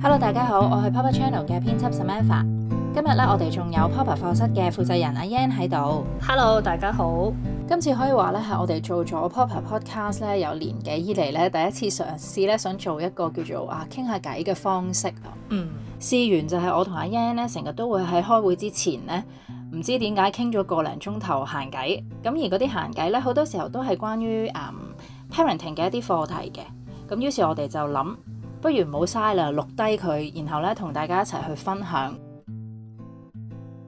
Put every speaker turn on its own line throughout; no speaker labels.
Hello，大家好，我係 POPA Channel 嘅編輯 Samantha。今日咧我哋仲有 POPA 課室嘅負責人阿 Yan 喺度。Hello，大家好。今次可以話咧係我哋做咗 POPA Podcast 咧有年幾，以嚟咧第一次嘗試咧想做一個叫做啊傾下偈嘅方式啊。嗯、mm.。事緣就係我同阿 Yan 咧成日都會喺開會之前咧，唔知點解傾咗個零鐘頭閒偈，咁而嗰啲閒偈咧好多時候都係關於啊、嗯、parenting 嘅一啲課題嘅，咁於是我哋就諗。不如唔好嘥啦，錄低佢，然後呢，同大家一齊去分享。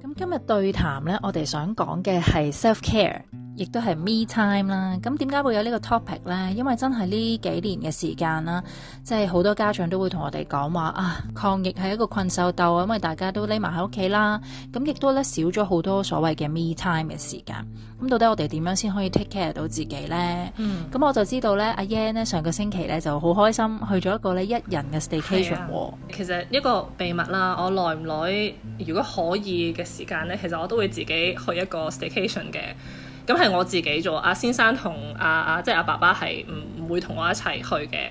咁今日對談呢，我哋想講嘅係 self-care。亦都係 me time 啦。咁點解會有呢個 topic 呢？因為真係呢幾年嘅時間啦，即係好多家長都會同我哋講話啊，抗疫係一個困獸鬥啊，因為大家都匿埋喺屋企啦。咁亦都咧少咗好多所謂嘅 me time 嘅時間。咁到底我哋點樣先可以 take care 到自己咧？咁、嗯、我就知道呢，阿 Yan 咧上個星期呢就好開心去咗一個呢一人嘅 staycation，啊。
其實一個秘密啦，我耐唔耐如果可以嘅時間呢，其實我都會自己去一個 staycation 嘅。咁係我自己做，阿、啊、先生同阿阿即係阿、啊、爸爸係唔唔會同我一齊去嘅。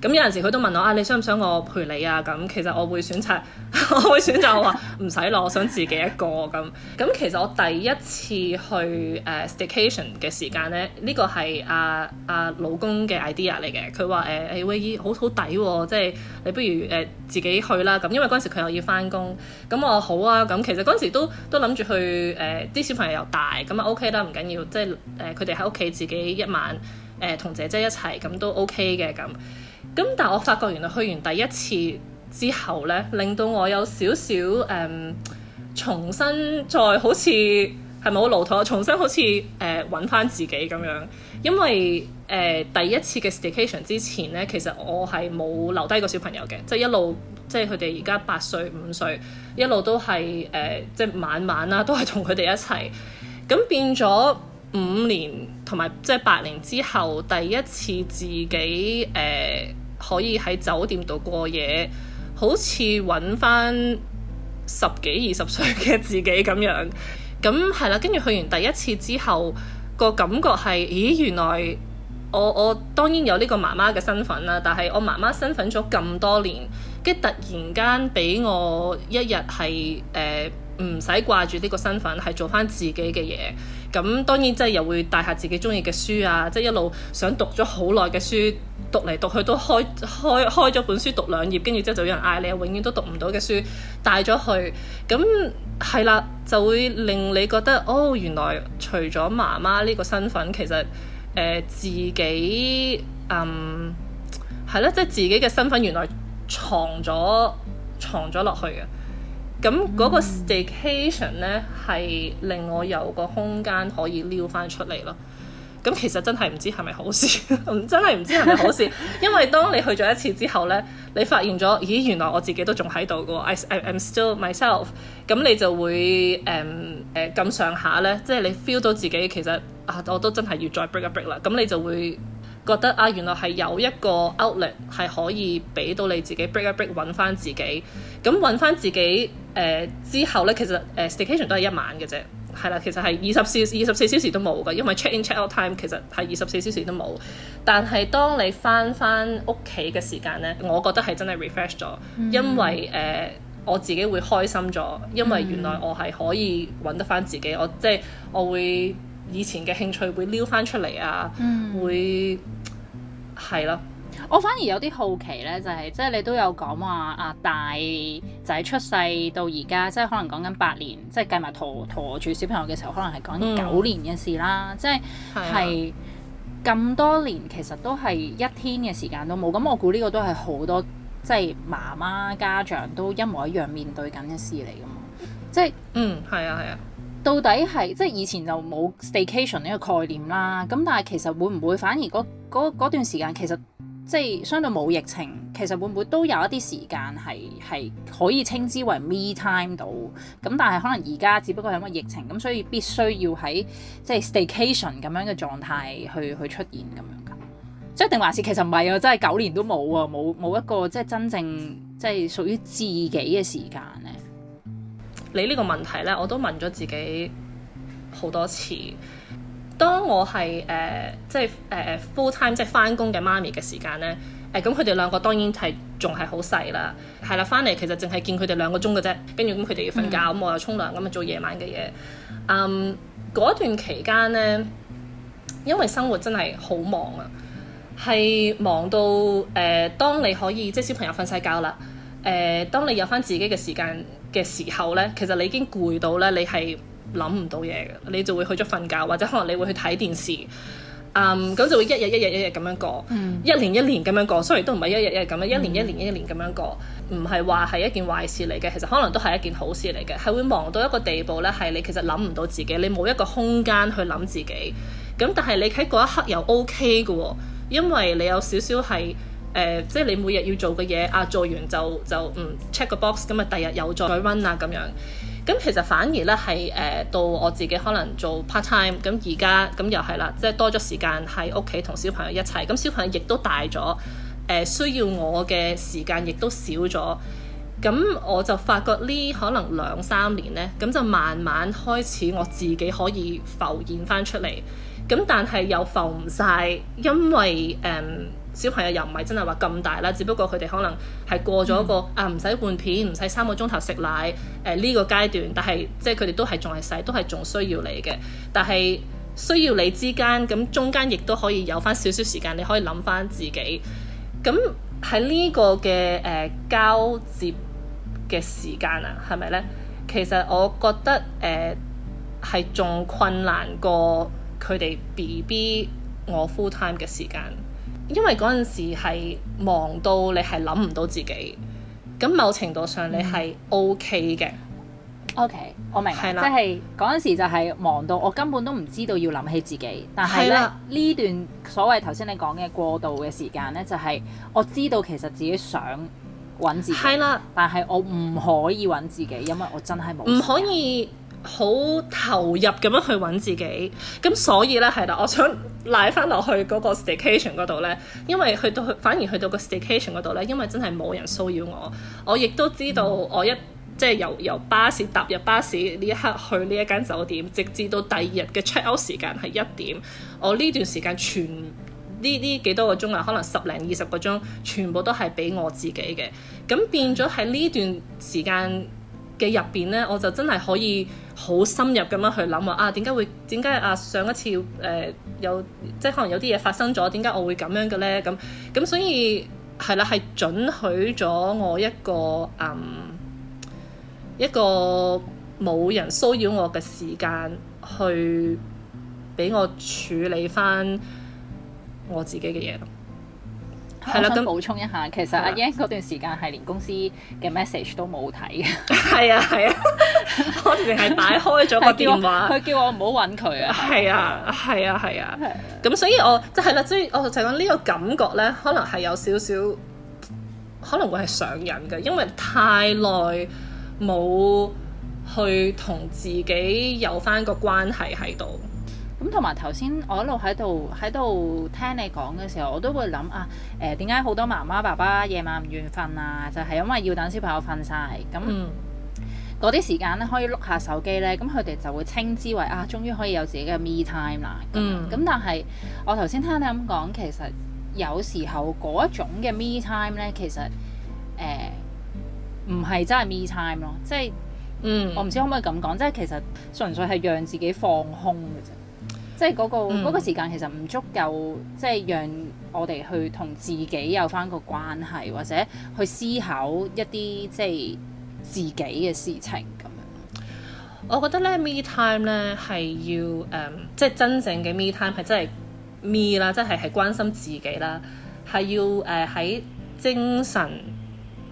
咁、嗯、有陣時佢都問我啊，你想唔想我陪你啊？咁其實我會選擇， 我會選擇話唔使攞，我想自己一個咁。咁其實我第一次去誒、uh, staycation 嘅時間咧，呢個係阿阿老公嘅 idea 嚟嘅。佢話誒誒喂、好好抵喎，即係你不如誒、uh, 自己去啦。咁因為嗰陣時佢又要翻工，咁我好啊。咁其實嗰陣時都都諗住去誒，啲、uh, 小朋友又大，咁啊 OK 啦，唔緊要，即係誒佢哋喺屋企自己一晚誒同、uh, 姐姐一齊咁都 OK 嘅咁。咁，但我發覺原來去完第一次之後咧，令到我有少少誒重新再好似係咪好老土？重新好似誒揾翻自己咁樣，因為誒、呃、第一次嘅 staycation 之前咧，其實我係冇留低個小朋友嘅，即係一路即係佢哋而家八歲五歲，一路都係誒、呃、即係晚晚啦，都係同佢哋一齊咁變咗五年同埋即係八年之後，第一次自己誒，呃可以喺酒店度過夜，好似揾翻十幾二十歲嘅自己咁樣。咁係啦，跟住去完第一次之後，個感覺係，咦，原來我我當然有呢個媽媽嘅身份啦，但係我媽媽身份咗咁多年，跟住突然間俾我一日係誒。呃唔使掛住呢個身份，係做翻自己嘅嘢。咁當然即係又會帶下自己中意嘅書啊，即係一路想讀咗好耐嘅書，讀嚟讀去都開開開咗本書讀兩頁，跟住之後就有人嗌你，永遠都讀唔到嘅書帶咗去。咁係啦，就會令你覺得哦，原來除咗媽媽呢個身份，其實誒、呃、自己嗯係咧，即係自己嘅身份原來藏咗藏咗落去嘅。咁嗰個 staycation 咧，係、嗯、令我有個空間可以撩翻出嚟咯。咁其實真係唔知係咪好事， 真係唔知係咪好事。 因為當你去咗一次之後咧，你發現咗，咦，原來我自己都仲喺度嘅喎。I, I I'm still myself。咁你就會誒誒咁上下咧，即、就、係、是、你 feel 到自己其實啊，我都真係要再 break 一 break 啦。咁你就會覺得啊，原來係有一個 outlet 係可以俾到你自己 break 一 break 揾翻自己。咁揾翻自己。誒、呃、之後咧，其實誒、呃、staycation 都係一晚嘅啫，係啦，其實係二十四二十四小時都冇㗎，因為 check in check out time 其實係二十四小時都冇。但係當你翻翻屋企嘅時間咧，我覺得係真係 refresh 咗，嗯、因為誒、呃、我自己會開心咗，因為原來我係可以揾得翻自己，嗯、我即係我會以前嘅興趣會撩翻出嚟啊，嗯、會係咯。
我反而有啲好奇咧，就係、是、即係你都有講話啊，大仔出世到而家，即係可能講緊八年，即係計埋陀陀住小朋友嘅時候，可能係講緊九年嘅事啦。嗯、即係係咁多年，其實都係一天嘅時間都冇。咁我估呢個都係好多即係媽媽家長都一模一樣面對緊嘅事嚟噶嘛。即係嗯，係啊，係啊。到底係即係以前就冇 staycation 呢個概念啦。咁但係其實會唔會反而嗰嗰段時間其實，即係相對冇疫情，其實會唔會都有一啲時間係係可以稱之為 me time 到？咁但係可能而家只不過係呢個疫情，咁所以必須要喺即係 staycation 咁樣嘅狀態去去出現咁樣㗎。即係定還是其實唔係啊？真係九年都冇啊！冇冇一個即係真正即係屬於自己嘅時間咧？你呢個問題咧，我
都問咗自己好多次。當我係誒、呃、即係誒、呃、full time 即係翻工嘅媽咪嘅時間咧，誒咁佢哋兩個當然係仲係好細啦，係啦，翻嚟其實淨係見佢哋兩個鐘嘅啫，跟住咁佢哋要瞓覺，咁、嗯、我又沖涼，咁啊做夜晚嘅嘢。嗯，嗰段期間咧，因為生活真係好忙啊，係忙到誒、呃，當你可以即係小朋友瞓晒覺啦，誒、呃，當你有翻自己嘅時間嘅時候咧，其實你已經攰到咧，你係。諗唔到嘢，你就會去咗瞓覺，或者可能你會去睇電視，嗯，咁就會一日一日一日咁樣過，嗯、一年一年咁樣過，雖然都唔係一日一日咁樣，一年一年一年咁樣過，唔係話係一件壞事嚟嘅，其實可能都係一件好事嚟嘅，係會忙到一個地步呢係你其實諗唔到自己，你冇一個空間去諗自己，咁但係你喺嗰一刻又 OK 嘅、哦，因為你有少少係、呃、即係你每日要做嘅嘢，啊做完就就嗯 check 個 box，咁啊第日又再 run 啊咁樣。咁其實反而咧係誒到我自己可能做 part time，咁而家咁又係啦，即係多咗時間喺屋企同小朋友一齊，咁小朋友亦都大咗，誒需要我嘅時間亦都少咗，咁我就發覺呢可能兩三年呢，咁就慢慢開始我自己可以浮現翻出嚟，咁但係又浮唔晒，因為誒。呃小朋友又唔係真係話咁大啦，只不過佢哋可能係過咗個、嗯、啊唔使換片、唔使三個鐘頭食奶誒呢、呃這個階段，但係即係佢哋都係仲係細，都係仲需要你嘅。但係需要你之間，咁中間亦都可以有翻少少時間，你可以諗翻自己。咁喺呢個嘅誒、呃、交接嘅時間啊，係咪呢？其實我覺得誒係仲困難過佢哋 B B 我 full time 嘅時間。因為嗰陣時係忙到你係諗唔到自己，
咁某程度上你係 O K 嘅。OK，我明白，即係嗰陣時就係忙到我根本都唔知道要諗起自己。但係咧呢啦段所謂頭先你講嘅過渡嘅時間呢，就係、是、我知道其實自己想揾自己，啦但係我唔可以揾自己，因為我真係冇。唔可以。
好投入咁樣去揾自己，咁所以呢，係啦，我想賴翻落去嗰個 staycation 嗰度呢，因為去到反而去到個 staycation 嗰度呢，因為真係冇人騷擾我，我亦都知道我一即係由由巴士踏入巴士呢一刻去呢一間酒店，直至到第二日嘅 check out 時間係一點，我呢段時間全呢啲幾多個鐘啊，可能十零二十個鐘，全部都係俾我自己嘅，咁變咗喺呢段時間嘅入邊呢，我就真係可以。好深入咁樣去諗話啊，點解會點解啊？上一次誒、呃、有即係可能有啲嘢發生咗，點解我會咁樣嘅呢？咁咁所以係啦，係准許咗我一個嗯一個冇人騷擾我嘅時間，去俾我處理返我自己嘅嘢。
係啦，都補充一下，的其實阿英嗰段時間係連公司嘅 message 都冇睇
嘅。係啊，係啊， 我淨係擺開咗個電話。佢叫我唔好揾佢
啊。係啊，係啊，係啊。咁的所以我，
就是、所以我就係啦，即係我就係講呢個感覺咧，可能係有少少，可能會係上癮嘅，因為太耐冇去同自己有返個關係喺度。
咁同埋頭先，我一路喺度喺度聽你講嘅時候，我都會諗啊誒點解好多媽媽爸爸夜晚唔願瞓啊？就係因為要等小朋友瞓晒，咁嗰啲時間咧可以碌下手機咧，咁佢哋就會稱之為啊，終於可以有自己嘅 me time 啦。咁、嗯、但係我頭先聽你咁講，其實有時候嗰一種嘅 me time 咧，其實誒唔係真係 me time 咯，即係嗯，我唔知可唔可以咁講，即係其實純粹係讓自己放空嘅啫。即係嗰、嗰個嗰、嗯、個時間其實唔足夠，即係讓我哋去同自己有翻個關係，或者去思考一啲即係自己嘅事情咁樣。我覺得咧
，me time 咧係要誒、嗯，即係真正嘅 me time 係真係 me 啦，即係係關心自己啦，係要誒喺、呃、精神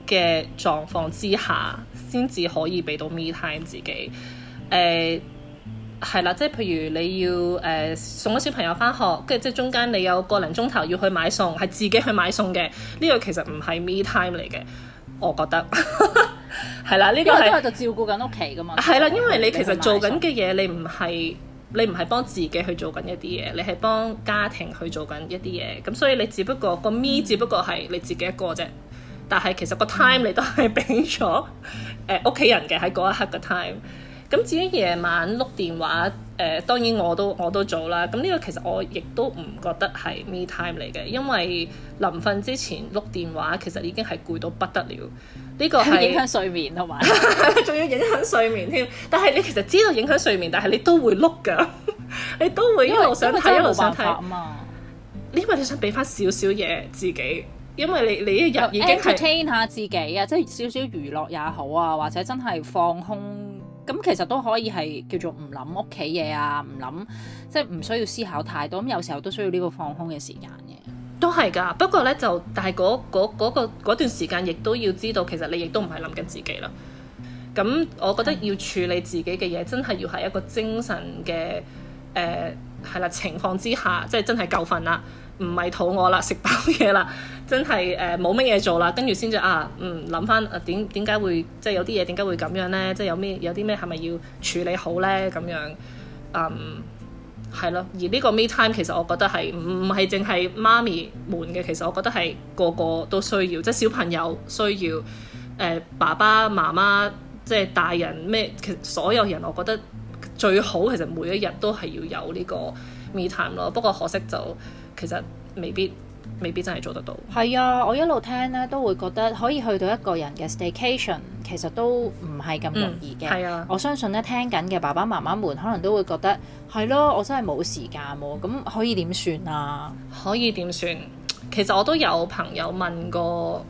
嘅狀況之下，先至可以俾到 me time 自己誒。呃係啦，即係譬如你要誒、呃、送咗小朋友返學，跟住即係中間你有個零鐘頭要去買餸，係自己去買餸嘅，呢、呢個其實唔係 me time 嚟嘅，我覺得係啦，呢、 呢個係因為
就照顧緊屋企㗎嘛。係啦，因為你其實做緊
嘅嘢，你唔係你唔係幫自己去做緊一啲嘢，你係幫家庭去做緊一啲嘢，咁所以你只不過個 me、嗯、只不過係你自己一個啫，但係其實個 time、嗯、你都係俾咗屋企人嘅喺嗰一刻嘅 time。咁至於夜晚碌電話，誒、呃、當然我都我都做啦。咁呢個其實我亦都唔覺得係 me time 嚟嘅，因為臨瞓之前碌電話其實已經係攰到不得了。呢、呢個係影響睡眠，同埋仲要影響睡眠添。但係你其實知道影響睡眠，但係你都會碌㗎， 你都會一路想睇一路想睇嘛。因為你想俾翻少少嘢自己，因為你你又已經 entertain
下自己啊，即係少少娛樂也好啊，或者真係放空。咁其實都可以係叫做唔諗屋企嘢啊，唔諗即係唔需要思考太多。咁有時候都需要呢個放空嘅時間嘅。都係㗎，不過呢，就，但係嗰、嗰個嗰、嗰個嗰個、段時間，亦都要
知道其實你亦都唔係諗緊自己啦。咁我覺得要處理自己嘅嘢，真係要喺一個精神嘅誒係啦情況之下，即、就、係、係、真係夠瞓啦。唔係肚餓啦，食飽嘢啦，真係誒冇乜嘢做啦，跟住先至啊，嗯，諗翻誒點點解會即係有啲嘢點解會咁樣呢？即係有咩有啲咩係咪要處理好呢？咁樣嗯係咯，而呢個 me time 其實我覺得係唔係淨係媽咪們嘅，其實我覺得係個個都需要，即係小朋友需要誒、呃、爸爸媽媽，即係大人咩？其實所有人，我覺得最好其實每一日都係要有呢個 me time 咯。不過可惜就～其實未必，未必真係做得到。
係啊，我一路聽咧都會覺得可以去到一個人嘅 staycation，其實都唔係咁容易嘅。係、嗯、啊，我相信咧聽緊嘅爸爸媽媽們可能都會覺得係咯、啊，我真係冇時間喎、啊，咁可以點算啊？可以點算？其實我都有朋友問過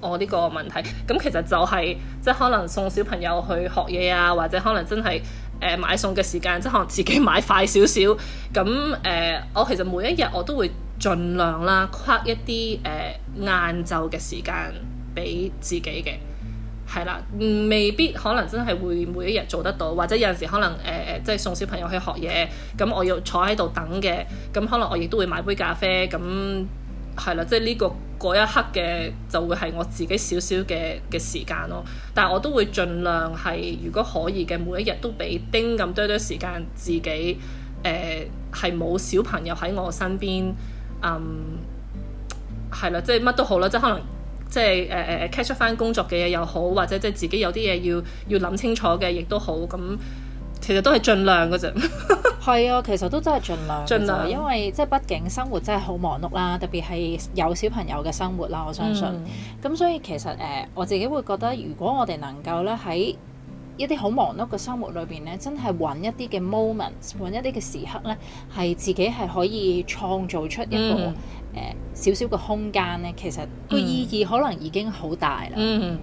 我呢個問
題，咁其實就係、是、即係可能送小朋友去學嘢啊，或者可能真係。誒買餸嘅時間，即係可能自己買快少少，咁誒、呃，我其實每一日我都會盡量啦，跨一啲誒晏晝嘅時間俾自己嘅，係啦，未必可能真係會每一日做得到，或者有陣時可能誒誒、呃，即係送小朋友去學嘢，咁我要坐喺度等嘅，咁可能我亦都會買杯咖啡咁。係啦，即係、這、呢個嗰一刻嘅就會係我自己少少嘅嘅時間咯。但係我都會盡量係，如果可以嘅每一日都俾丁咁多多時間自己誒係冇小朋友喺我身邊。嗯，係啦，即係乜都好啦，即係可能即係誒誒 catch 翻工作嘅嘢又好，或者即係自己有啲嘢要要諗清楚嘅，亦都好咁。其實都係盡量
嘅啫，係啊，其實都真係盡，盡量，盡因為即係畢竟生活真係好忙碌啦，特別係有小朋友嘅生活啦。我相信，咁、嗯、所以其實誒、呃，我自己會覺得，如果我哋能夠咧喺一啲好忙碌嘅生活裏邊咧，真係揾一啲嘅 moment，揾一啲嘅時刻咧，係自己係可以創造出一個誒少少嘅空間咧，其實個、嗯、意義可能已經好大啦。嗯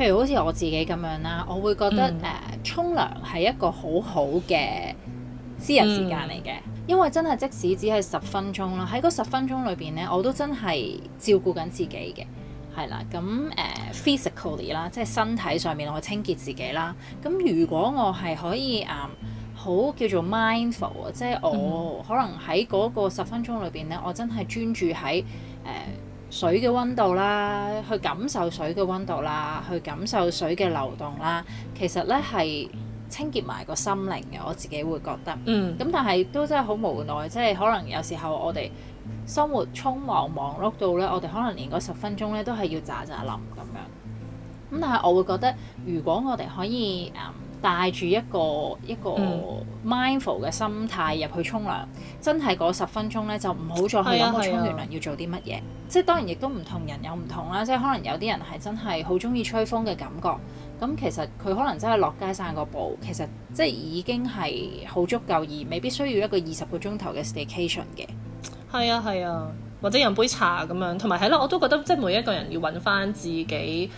譬如好似我自己咁樣啦，我會覺得誒沖涼係一個好好嘅私人時間嚟嘅，mm. 因為真係即使只係十分鐘啦，喺嗰十分鐘裏邊咧，我都真係照顧緊自己嘅，係啦，咁誒、uh, physically 啦，即係身體上面我清潔自己啦。咁如果我係可以啊，好、uh, 叫做 mindful，即係我可能喺嗰個十分鐘裏邊咧，我真係專注喺誒。Uh, 水嘅溫度啦，去感受水嘅溫度啦，去感受水嘅流動啦，其實呢係清潔埋個心靈嘅，我自己會覺得。嗯。咁但係都真係好無奈，即係可能有時候我哋生活匆忙忙碌到呢，我哋可能連嗰十分鐘呢都係要咋咋臨咁樣。咁但係我會覺得，如果我哋可以，嗯帶住一個一個 mindful 嘅心態入去沖涼，嗯、真係嗰十分鐘呢，就唔好再去諗佢沖完涼要做啲乜嘢。啊啊、即係當然亦都唔同人有唔同啦，即係可能有啲人係真係好中意吹風嘅感覺。咁其實佢可能真係落街散個步，其實即係已經係好足夠，而未必需要一個二十個鐘頭嘅 staycation 嘅。係啊係啊，或者飲杯茶
咁樣，同埋係啦，我都覺得即係每一個人要揾翻自己。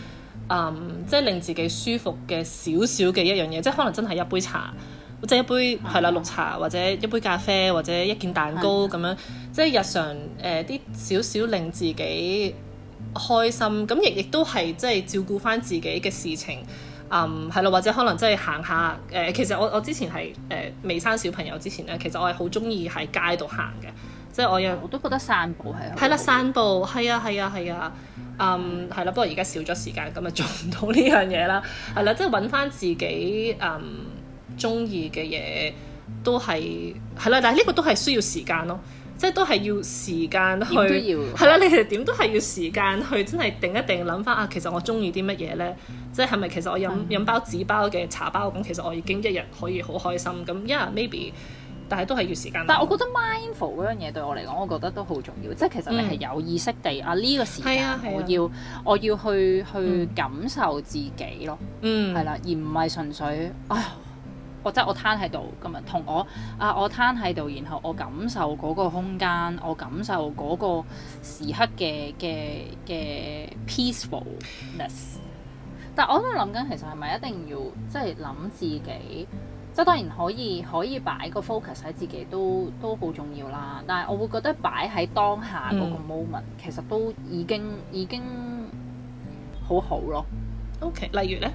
Um, 即係令自己舒服嘅少少嘅一樣嘢，即係可能真係一杯茶，即係一杯係 啦綠茶，或者一杯咖啡，或者一件蛋糕咁 樣，即係日常誒啲少少令自己開心，咁、嗯、亦亦都係即係照顧翻自己嘅事情。嗯，係啦，或者可能真係行下誒、呃。其實我我之前係誒、呃、未生小朋友之前呢，其實我係好中意喺街度行嘅，即係我又我都覺得散步係係啦，散步係啊係啊係啊。Um, 嗯，係啦，不過而家少咗時間，咁咪做唔到呢樣嘢啦。係啦，即係揾翻自己嗯中意嘅嘢，都係係啦。但係呢個都係需要時間咯，即係都係要時間去。係啦要，你哋點都係要時間去，真係定一定諗翻啊。其實我中意啲乜嘢咧？即係係咪其實我飲飲、嗯、包紙包嘅茶包咁？其實我已經一日可以好開心。咁一日 maybe。但係都係
要時間。但係我覺得 mindful 嗰樣嘢對我嚟講，我覺得都好重要。嗯、即係其實你係有意識地、嗯、啊呢、呢個時間，我要、嗯、我要去去感受自己咯。嗯，係啦，而唔係純粹啊，我即係我攤喺度咁日同我啊，我攤喺度，然後我感受嗰個空間，我感受嗰個時刻嘅嘅嘅 peacefulness。Peaceful ness, 嗯、但係我都諗緊，其實係咪一定要即係諗自己？即係當然可以可以擺個 focus 喺自己都都好重要啦。但係我會覺得擺喺當下嗰個 moment、嗯、其實都已經已經好好
咯。OK，例如咧，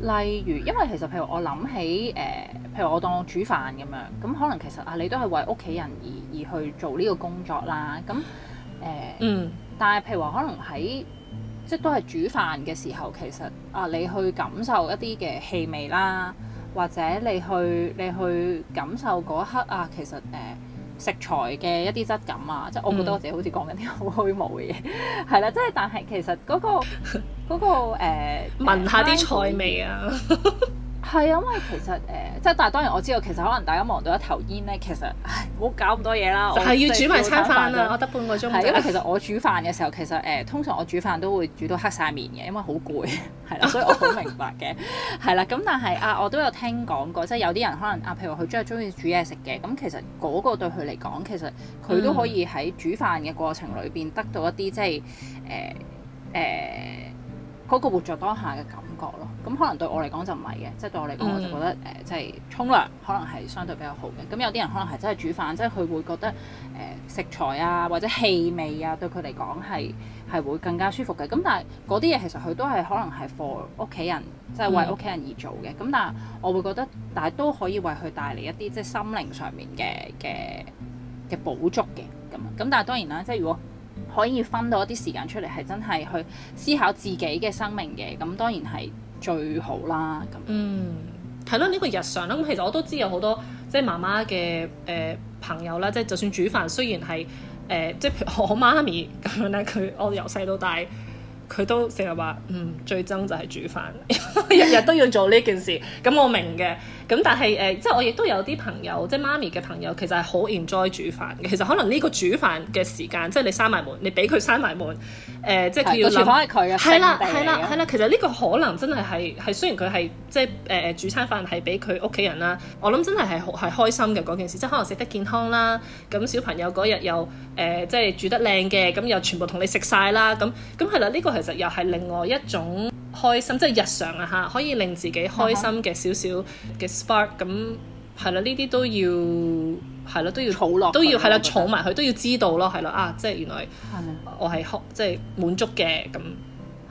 例如因為其實譬如我諗起誒、呃，譬如我當我煮飯咁樣咁，可能其實啊，你都係為屋企人而而去做呢個工作啦。咁誒，呃嗯、但係譬如話可能喺即係都係煮飯嘅時候，其實啊，你去感受一啲嘅氣味啦。或者你去你去感受嗰一刻啊，其實誒、呃、食材嘅一啲質感啊，即係我覺得我自己好似講緊啲好虛無嘅嘢，係啦、嗯， 即係但係其實嗰、嗰個嗰、 嗰個誒，呃、聞下啲菜味啊 ～係啊，因為其實誒，即、呃、係但係當然我知道，其實可能大家望到一頭煙咧，其實唔好搞咁多嘢啦。就係要煮埋餐飯啦，我得半個鐘。係因為其實我煮飯嘅時候，其實誒、呃，通常我煮飯都會煮到黑晒面嘅，因為好攰，係啦，所以我好明白嘅。係啦， 咁但係啊，我都有聽講過，即係有啲人可能啊，譬如話佢真係中意煮嘢食嘅，咁其實嗰個對佢嚟講，其實佢都可以喺煮飯嘅過程裏邊得到一啲、嗯、即係誒誒嗰個活在當下嘅感覺咯。咁可能對我嚟講就唔係嘅，即係對我嚟講我就覺得誒，即係沖涼可能係相對比較好嘅。咁有啲人可能係真係煮飯，即係佢會覺得誒、呃、食材啊或者氣味啊，對佢嚟講係係會更加舒服嘅。咁但係嗰啲嘢其實佢都係可能係 for 屋企人，即、就、係、是、為屋企人而做嘅。咁、mm。但係我會覺得，但係都可以為佢帶嚟一啲即係心靈上面嘅嘅嘅補足嘅咁。咁但係當然啦，即係如果可以分到一啲時間出嚟，係真係去思考自己嘅生命嘅，咁當然係。
最好啦咁。嗯，係咯，呢個日常啦。咁其實我都知有好多即係媽媽嘅誒、呃、朋友啦，即係就算煮飯，雖然係誒、呃，即係譬如我媽咪咁樣咧，佢我由細到大。佢都成日話，嗯，最憎就係煮飯，日 日都要做呢件事。咁我明嘅，咁但係誒、呃，即係我亦都有啲朋友，即係媽咪嘅朋友，其實係好 enjoy 煮飯嘅。其實可能呢個煮飯嘅時間，即係你閂埋門，你俾佢閂埋門，誒、呃，即係佢要諗。廚房係佢嘅。係啦，係啦，係啦，啦。其實呢個可能真係係係，雖然佢係即係誒、呃、煮餐飯係俾佢屋企人啦。我諗真係係係開心嘅嗰件事，即係可能食得健康啦。咁小朋友嗰日又誒、呃，即係煮得靚嘅，咁又全部同你食晒啦。咁咁係啦，呢個係。其實又係另外一種開心，即係日常啊嚇，可以令自己開心嘅少少嘅 spark，咁係啦，呢、huh. 啲都要係啦，都要，都要係啦，儲埋佢，都要知道咯，係啦，啊，即係原來我係好即係滿足嘅咁。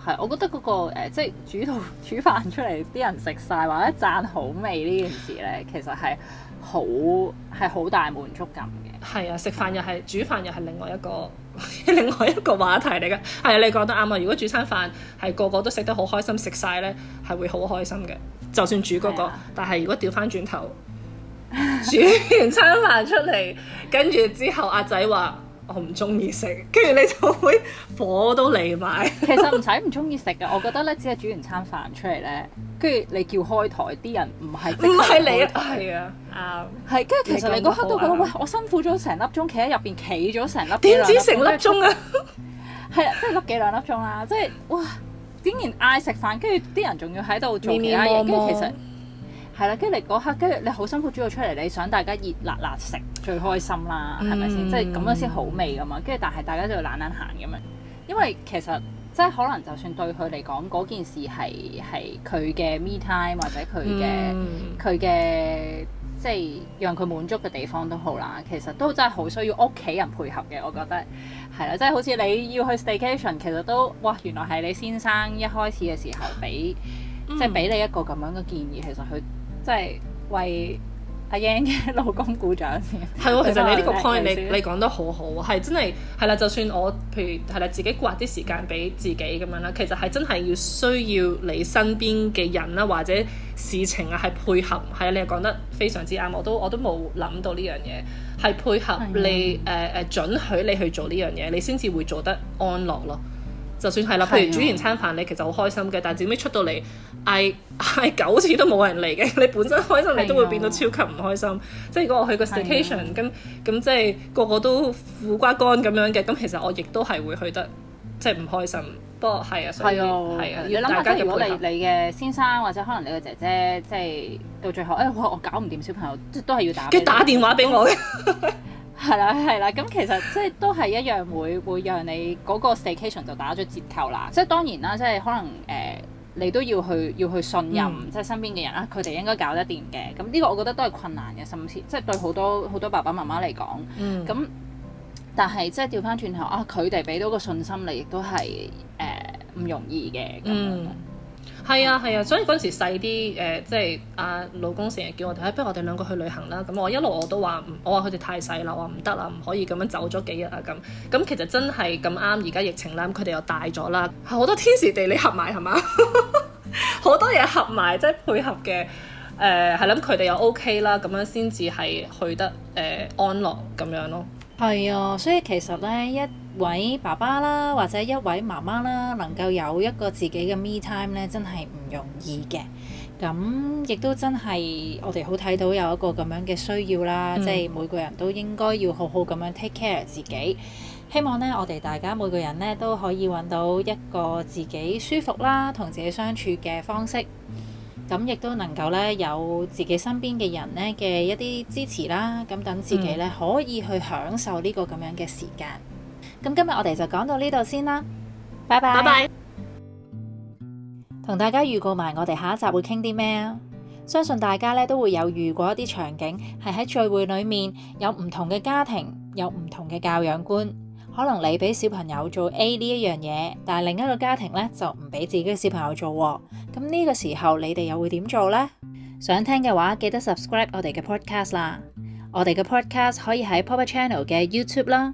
係，我覺得嗰、嗰
個、呃、即係煮到煮，煮飯出嚟，啲人食晒或者讚好味呢件事咧， 其實係好係好大滿足感。係啊，食飯又係煮飯又係
另外一個 另外一個話題嚟㗎。係啊，你講得啱啊！如果煮餐飯係個個都食得好開心，食晒呢，係會好開心嘅。就算煮嗰、那個，啊、但係如果調翻轉頭煮完餐飯出嚟， 跟住之後阿仔話。我唔中意食，跟住你就會火都嚟埋。其實唔
使唔中意食嘅，我覺得咧，只係煮完餐飯出嚟咧，跟住你叫開台啲人唔係。唔係你係啊？啱、 啊。係跟住其實你嗰、啊、刻都覺得，喂，我辛苦咗成粒鐘，企喺入邊企咗成粒。點知成粒鐘啊？係 啊，即係粒幾兩粒鐘啦，即係哇！竟然嗌食飯，跟住啲人仲要喺度做其他嘢，跟住面其實。係啦，跟住 你嗰刻，跟住你好辛苦煮到出嚟，你想大家熱辣辣食最開心啦，係咪先？嗯、即係咁樣先好味噶嘛。跟住但係大家就要懶懶行咁樣。因為其實即係可能，就算對佢嚟講嗰件事係係佢嘅 me time，或者佢嘅佢嘅即係讓佢滿足嘅地方都好啦。其實都真係好需要屋企人配合嘅，我覺得係啦。即係好似你要去 staycation，其實都哇，原來係你先生一開始嘅時候俾、嗯、即係俾你一個咁樣嘅建議，其實佢。即係為阿 y 嘅老公鼓掌先。係喎，其實你呢個 point 你 你講得好
好，係真係係啦。就算我譬如係啦，自己劃啲時間俾自己咁樣啦，其實係真係要需要你身邊嘅人啦，或者事情啊，係配合係啊。你又講得非常之啱，我都我都冇諗到呢樣嘢係配合你誒誒的、呃、準許你去做呢樣嘢，你先至會做得安樂咯。就算係啦，譬如煮完餐飯，你其實好開心嘅，但係至尾出到嚟嗌嗌九次都冇人嚟嘅。你本身開心，你都會變到超級唔開心。的即係如果我去個 station，咁咁即係個個都苦瓜乾咁樣嘅，咁其實我亦都係會去得即係唔開心。不過係啊，係啊，如果諗下，假如我你你嘅
先生或者可能你嘅姐姐，即係到最後，誒、哎、我搞唔掂小朋友，即都係要打，即係打電話俾我。都 係啦，係啦，咁其實即係都係一樣會會讓你嗰個 station 就打咗折扣啦。即係當然啦，即係可能誒、呃，你都要去要去信任、嗯、即係身邊嘅人啦，佢、啊、哋應該搞得掂嘅。咁、這、呢個我覺得都係困難嘅，甚至，即係對好多好多爸爸媽媽嚟講。咁、嗯、但係即係調翻轉頭啊，佢哋俾到個信心你，亦都係誒唔容易嘅。嗯。
係啊，係啊，所以嗰陣時細啲，誒、呃，即係阿老公成日叫我哋、啊，不如我哋兩個去旅行啦。咁、啊、我一路我都話，我話佢哋太細啦，話唔得啊，唔可以咁樣走咗幾日啊咁。咁其實真係咁啱，而家疫情啦，佢、啊、哋又大咗啦，好、啊、多天時地利合埋係嘛，好 多嘢合埋，即係配合嘅。誒、呃、係諗，佢哋又 OK 啦、啊，咁樣先至係去得誒、呃、安樂咁樣咯。
係啊、哦，所以其實咧一位爸爸啦，或者一位媽媽啦，能夠有一個自己嘅 me time 呢，真係唔容易嘅。咁亦都真係我哋好睇到有一個咁樣嘅需要啦。嗯、即係每個人都應該要好好咁樣 take care 自己。希望呢，我哋大家每個人呢，都可以揾到一個自己舒服啦，同自己相處嘅方式。咁亦都能夠呢，有自己身邊嘅人呢嘅一啲支持啦。咁等自己呢，嗯、可以去享受呢個咁樣嘅時間。咁今日我哋就講到呢度先啦，拜拜拜拜。同大家預告埋我哋下一集會傾啲咩啊？相信大家咧都會有遇過一啲場景，係喺聚會裏面有唔同嘅家庭，有唔同嘅教養觀。可能你俾小朋友做 A 呢一樣嘢，但係另一個家庭咧就唔俾自己嘅小朋友做。咁呢個時候你哋又會點做呢？想聽嘅話，記得 subscribe 我哋嘅 podcast 啦。我哋嘅 podcast 可以喺 Popper Channel 嘅 YouTube 啦。